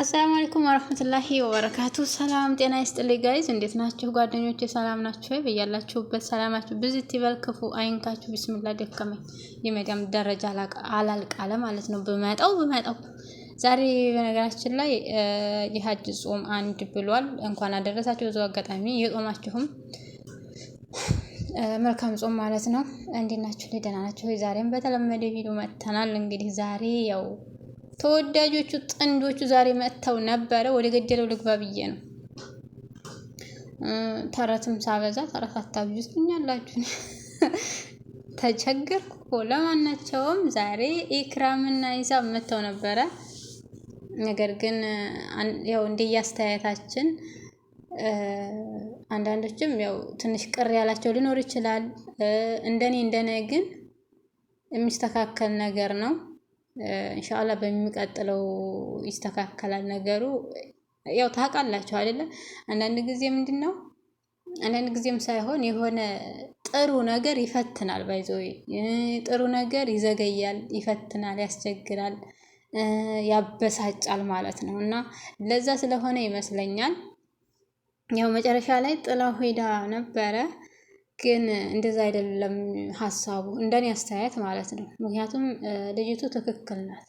አሰላሙ አለይኩም ወረህመቱላሂ ወበረካቱ። ሰላም ጤና ይስጥልኝ ጋይዝ፣ እንዴት ናችሁ ጓደኞች ሰላም ናችሁ ወይ? በያላችሁበት ሰላማችሁ ብዝት ይበል፣ ክፉ አይንካችሁ። ቢስሚላ ደከመኝ፣ የመዳም ደረጃ አላልቃለ ማለት ነው። ብመጣው ብመጣው። ዛሬ በነገራችን ላይ የሀጅ ጾም አንድ ብሏል። እንኳን አደረሳችሁ። ብዙ አጋጣሚ የጾማችሁም መልካም ጾም ማለት ነው። እንዴት ናችሁ? ደህና ናችሁ ዛሬም በተለመደ ቪዲዮ መጥተናል። እንግዲህ ዛሬ ያው ተወዳጆቹ ጥንዶቹ ዛሬ መጥተው ነበረ። ወደ ገደለው ልግባ ብዬ ነው። ተረትም ሳበዛ ተረት አታብዙ ትኛላችሁ። ተቸገርኩ እኮ። ለማናቸውም ዛሬ ኢክራምና ሂሳም መጥተው ነበረ። ነገር ግን ያው እንደየአስተያየታችን አንዳንዶችም ያው ትንሽ ቅር ያላቸው ሊኖር ይችላል። እንደኔ እንደኔ ግን የሚስተካከል ነገር ነው። እንሻላ በሚቀጥለው ይስተካከላል ነገሩ። ያው ታውቃላችሁ አይደለ? አንዳንድ ጊዜ ምንድን ነው አንዳንድ ጊዜም ሳይሆን የሆነ ጥሩ ነገር ይፈትናል። ባይዘ ጥሩ ነገር ይዘገያል፣ ይፈትናል፣ ያስቸግራል፣ ያበሳጫል ማለት ነው። እና ለዛ ስለሆነ ይመስለኛል ያው መጨረሻ ላይ ጥላው ሄዳ ነበረ። ግን እንደዛ አይደለም ሀሳቡ እንደኔ አስተያየት ማለት ነው። ምክንያቱም ልጅቱ ትክክል ናት።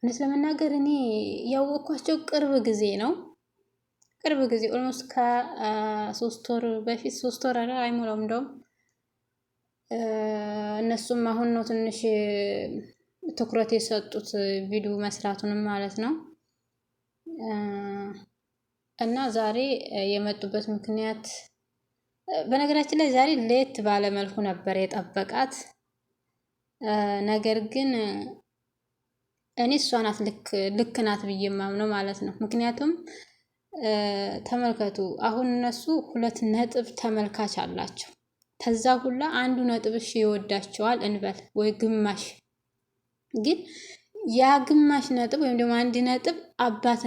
እውነት ለመናገር እኔ ያወቅኳቸው ቅርብ ጊዜ ነው። ቅርብ ጊዜ ኦልሞስት ከሶስት ወር በፊት ሶስት ወር አለ አይሞላውም። እንደውም እነሱም አሁን ነው ትንሽ ትኩረት የሰጡት ቪዲዮ መስራቱንም ማለት ነው። እና ዛሬ የመጡበት ምክንያት በነገራችን ላይ ዛሬ ለየት ባለ መልኩ ነበር የጠበቃት። ነገር ግን እኔ እሷ ናት ልክ ናት ብዬ የማምነው ማለት ነው። ምክንያቱም ተመልከቱ፣ አሁን እነሱ ሁለት ነጥብ ተመልካች አላቸው። ከዛ ሁላ አንዱ ነጥብ እሺ ይወዳቸዋል እንበል ወይ ግማሽ ግን ያ ግማሽ ነጥብ ወይም ደግሞ አንድ ነጥብ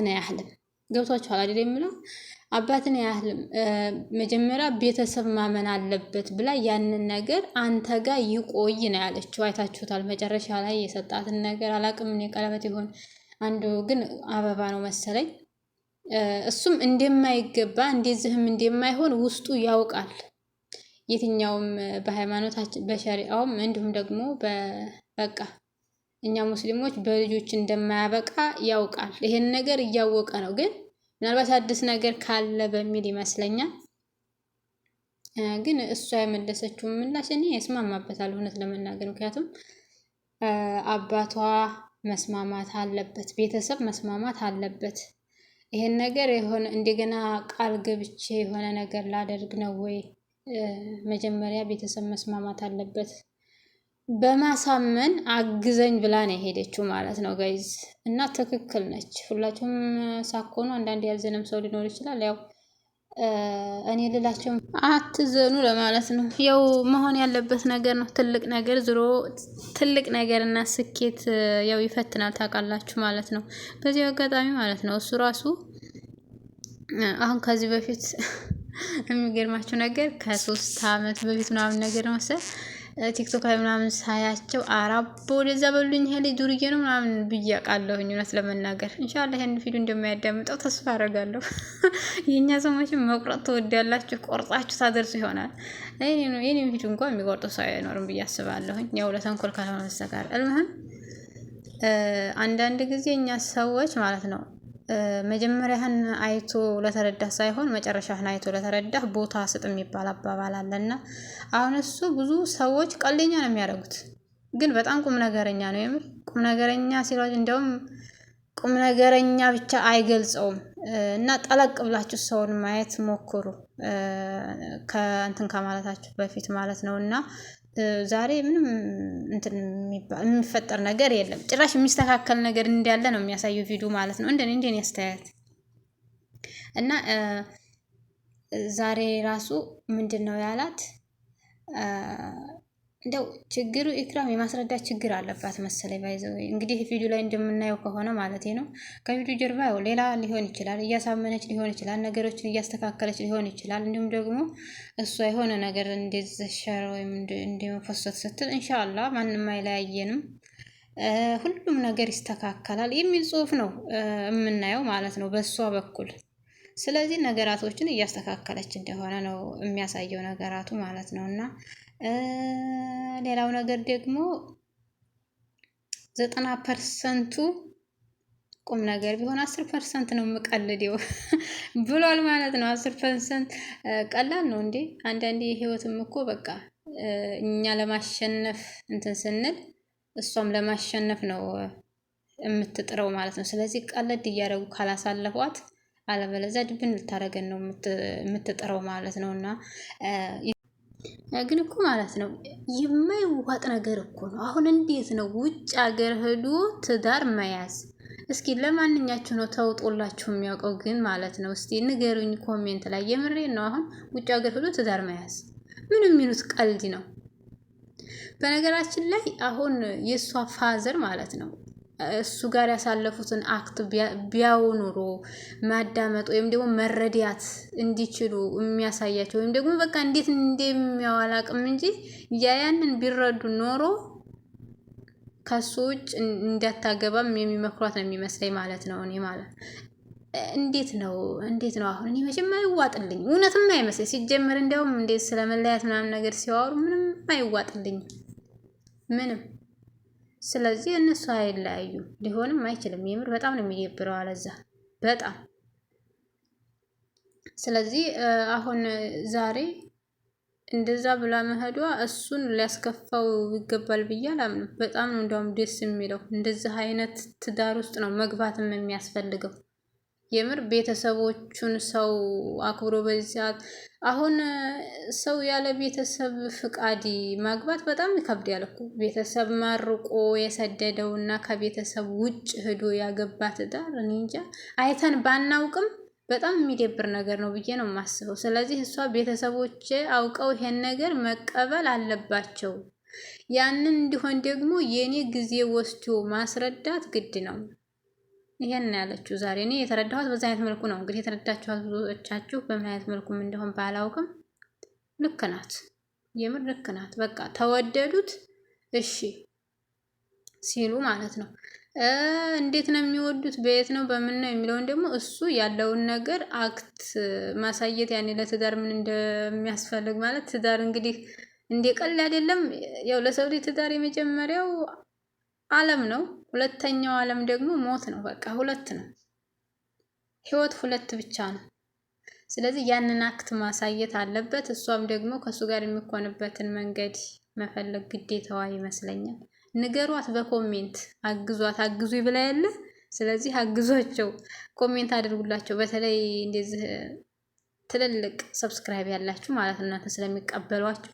ነው ያህልም ገብቷችኋል አይደል? የምለው አባትን ያህል መጀመሪያ ቤተሰብ ማመን አለበት ብላ ያንን ነገር አንተ ጋር ይቆይ ነው ያለችው። አይታችሁታል። መጨረሻ ላይ የሰጣትን ነገር አላቅም። እኔ ቀለበት ይሆን አንዱ ግን አበባ ነው መሰለኝ። እሱም እንደማይገባ እንደዚህም እንደማይሆን ውስጡ ያውቃል። የትኛውም በሃይማኖታችን በሸሪአውም እንዲሁም ደግሞ በቃ እኛ ሙስሊሞች በልጆች እንደማያበቃ ያውቃል። ይሄን ነገር እያወቀ ነው። ግን ምናልባት አዲስ ነገር ካለ በሚል ይመስለኛል። ግን እሷ የመለሰችውን ምላሽ እኔ እስማማበታለሁ እውነት ለመናገር ምክንያቱም አባቷ መስማማት አለበት፣ ቤተሰብ መስማማት አለበት። ይሄን ነገር የሆነ እንደገና ቃል ገብቼ የሆነ ነገር ላደርግ ነው ወይ መጀመሪያ ቤተሰብ መስማማት አለበት። በማሳመን አግዘኝ ብላ ነው የሄደችው ማለት ነው ጋይዝ። እና ትክክል ነች። ሁላችሁም ሳኮኑ አንዳንድ ያዘነም ሰው ሊኖር ይችላል። ያው እኔ ልላቸውም አትዘኑ ለማለት ነው። ያው መሆን ያለበት ነገር ነው። ትልቅ ነገር ዝሮ ትልቅ ነገር እና ስኬት ያው ይፈትናል ታውቃላችሁ ማለት ነው። በዚህ አጋጣሚ ማለት ነው እሱ ራሱ አሁን ከዚህ በፊት የሚገርማችሁ ነገር ከሶስት አመት በፊት ምናምን ነገር መሰል ቲክቶክ ላይ ምናምን ሳያቸው አራቦ ወደዛ በሉኝ ይሄ ልጅ ዱርዬ ነው ምናምን ብዬ ቃለሁኝ። እውነት ለመናገር እንሻላ ይህን ፊዱ እንደማያዳምጠው ተስፋ አደርጋለሁ። የእኛ ሰዎችን መቁረጥ ትወዳላችሁ፣ ቆርጣችሁ ታደርሱ ይሆናል። ይህኔም ፊዱ እንኳ የሚቆርጡ ሰው አይኖርም ብዬ አስባለሁኝ። ያው ለተንኮል ካልሆነ በስተቀር እልምህም አንዳንድ ጊዜ እኛ ሰዎች ማለት ነው መጀመሪያህን አይቶ ለተረዳህ ሳይሆን መጨረሻህን አይቶ ለተረዳህ ቦታ ስጥ የሚባል አባባል አለና አሁን እሱ ብዙ ሰዎች ቀልደኛ ነው የሚያደርጉት፣ ግን በጣም ቁም ነገረኛ ነው የምር ቁም ነገረኛ ሲሏጅ እንዲያውም ቁም ነገረኛ ብቻ አይገልጸውም። እና ጠለቅ ብላችሁ ሰውን ማየት ሞክሩ ከእንትን ከማለታችሁ በፊት ማለት ነው እና ዛሬ ምንም እንትን የሚፈጠር ነገር የለም። ጭራሽ የሚስተካከል ነገር እንዳለ ነው የሚያሳየው ቪዲዮ ማለት ነው። እንደኔ እንደኔ አስተያየት እና ዛሬ ራሱ ምንድን ነው ያላት እንደው ችግሩ ኢክራም የማስረዳት ችግር አለባት መሰለኝ። ባይዘው እንግዲህ ቪዲዮ ላይ እንደምናየው ከሆነ ማለት ነው ከቪዲዮ ጀርባ ያው ሌላ ሊሆን ይችላል፣ እያሳመነች ሊሆን ይችላል፣ ነገሮችን እያስተካከለች ሊሆን ይችላል። እንዲሁም ደግሞ እሷ የሆነ ነገር እንደዘሸረ ወይም እንደመፈሰት ስትል እንሻላ ማንም አይለያየንም ሁሉም ነገር ይስተካከላል የሚል ጽሁፍ ነው የምናየው ማለት ነው በእሷ በኩል ስለዚህ ነገራቶችን እያስተካከለች እንደሆነ ነው የሚያሳየው ነገራቱ ማለት ነው። እና ሌላው ነገር ደግሞ ዘጠና ፐርሰንቱ ቁም ነገር ቢሆን አስር ፐርሰንት ነው የምቀልደው ብሏል ማለት ነው። አስር ፐርሰንት ቀላል ነው እንዴ? አንዳንዴ የህይወትም እኮ በቃ እኛ ለማሸነፍ እንትን ስንል እሷም ለማሸነፍ ነው የምትጥረው ማለት ነው። ስለዚህ ቀለድ እያደረጉ ካላሳለፏት አለበለዚያ ድብን ልታደረገን ነው የምትጥረው ማለት ነው። እና ግን እኮ ማለት ነው የማይዋጥ ነገር እኮ ነው። አሁን እንዴት ነው ውጭ ሀገር ሄዶ ትዳር መያዝ? እስኪ ለማንኛችሁ ነው ተውጦላችሁ የሚያውቀው ግን ማለት ነው? እስቲ ንገሩኝ ኮሜንት ላይ የምሬን ነው። አሁን ውጭ ሀገር ሄዶ ትዳር መያዝ ምን የሚሉት ቀልድ ነው? በነገራችን ላይ አሁን የእሷ ፋዘር ማለት ነው እሱ ጋር ያሳለፉትን አክት ቢያው ኑሮ ማዳመጥ ወይም ደግሞ መረዳት እንዲችሉ የሚያሳያቸው ወይም ደግሞ በቃ እንዴት እንደሚያዋል አቅም እንጂ ያ ያንን ቢረዱ ኖሮ ከሱ ውጭ እንዳታገባም የሚመክሯት ነው የሚመስለኝ ማለት ነው። እኔ ማለት እንዴት ነው እንዴት ነው አሁን እኔ መቼም አይዋጥልኝ እውነትም አይመስለኝ ሲጀምር። እንዲያውም እንዴት ስለመለያት ምናምን ነገር ሲዋሩ ምንም አይዋጥልኝም ምንም ስለዚህ እነሱ አይለያዩ ሊሆንም አይችልም። የምር በጣም ነው የሚደብረው አለዛ በጣም ስለዚህ አሁን ዛሬ እንደዛ ብላ መሄዷ እሱን ሊያስከፋው ይገባል ብዬ አላምንም። በጣም ነው እንደውም ደስ የሚለው እንደዚህ አይነት ትዳር ውስጥ ነው መግባትም የሚያስፈልገው። የምር ቤተሰቦቹን ሰው አክብሮ በዚህ አሁን ሰው ያለ ቤተሰብ ፍቃድ ማግባት በጣም ይከብድ ያለኩ ቤተሰብ መርቆ እና ከቤተሰብ ውጭ ሂዶ ያገባት ትዳር እኔ እንጃ አይተን ባናውቅም በጣም የሚደብር ነገር ነው ብዬ ነው የማስበው። ስለዚህ እሷ ቤተሰቦች አውቀው ይሄን ነገር መቀበል አለባቸው። ያንን እንዲሆን ደግሞ የእኔ ጊዜ ወስዶ ማስረዳት ግድ ነው። ይሄን ያለችው ዛሬ እኔ የተረዳኋት በዛ አይነት መልኩ ነው። እንግዲህ የተረዳችኋት ብዙዎቻችሁ በምን አይነት መልኩም እንደሆን ባላውቅም ልክ ናት፣ የምር ልክ ናት። በቃ ተወደዱት እሺ ሲሉ ማለት ነው። እንዴት ነው የሚወዱት፣ በየት ነው፣ በምን ነው የሚለውን ደግሞ እሱ ያለውን ነገር አክት ማሳየት ያኔ ለትዳር ምን እንደሚያስፈልግ ማለት ትዳር እንግዲህ እንደ ቀልድ አይደለም። ያው ለሰው ልጅ ትዳር የመጀመሪያው ዓለም ነው። ሁለተኛው ዓለም ደግሞ ሞት ነው። በቃ ሁለት ነው። ህይወት ሁለት ብቻ ነው። ስለዚህ ያንን አክት ማሳየት አለበት። እሷም ደግሞ ከእሱ ጋር የሚኮንበትን መንገድ መፈለግ ግዴታዋ ይመስለኛል። ንገሯት፣ በኮሜንት አግዟት። አግዙ ብላ ያለ ስለዚህ አግዟቸው፣ ኮሜንት አድርጉላቸው። በተለይ እንደዚህ ትልልቅ ሰብስክራይብ ያላችሁ ማለት እናንተ ስለሚቀበሏቸው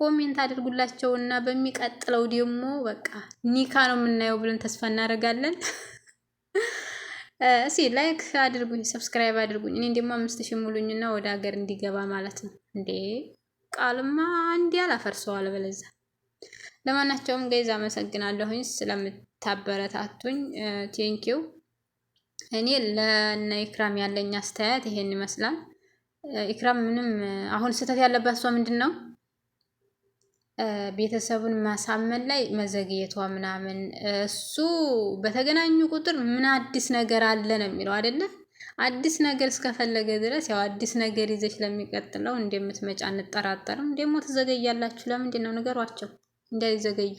ኮሜንት አድርጉላቸው እና በሚቀጥለው ደግሞ በቃ ኒካ ነው የምናየው ብለን ተስፋ እናደርጋለን። እስኪ ላይክ አድርጉኝ፣ ሰብስክራይብ አድርጉኝ። እኔ ደግሞ አምስት ሺህ ሙሉኝና ወደ ሀገር እንዲገባ ማለት ነው። እንዴ ቃልማ እንዲ አላፈርሰዋል በለዛ። ለማናቸውም ገይዝ አመሰግናለሁኝ ስለምታበረታቱኝ፣ ቴንኪው። እኔ ለእነ ኢክራም ያለኝ አስተያየት ይሄን ይመስላል። ኢክራም ምንም አሁን ስህተት ያለባት እሷ ምንድን ነው ቤተሰቡን ማሳመን ላይ መዘግየቷ ምናምን እሱ በተገናኙ ቁጥር ምን አዲስ ነገር አለ ነው የሚለው አይደለ? አዲስ ነገር እስከፈለገ ድረስ ያው አዲስ ነገር ይዘች ለሚቀጥለው እንደምትመጪ አንጠራጠርም። ደግሞ ትዘገያላችሁ። ለምንድን ነው ንገሯቸው እንዳይዘገዩ።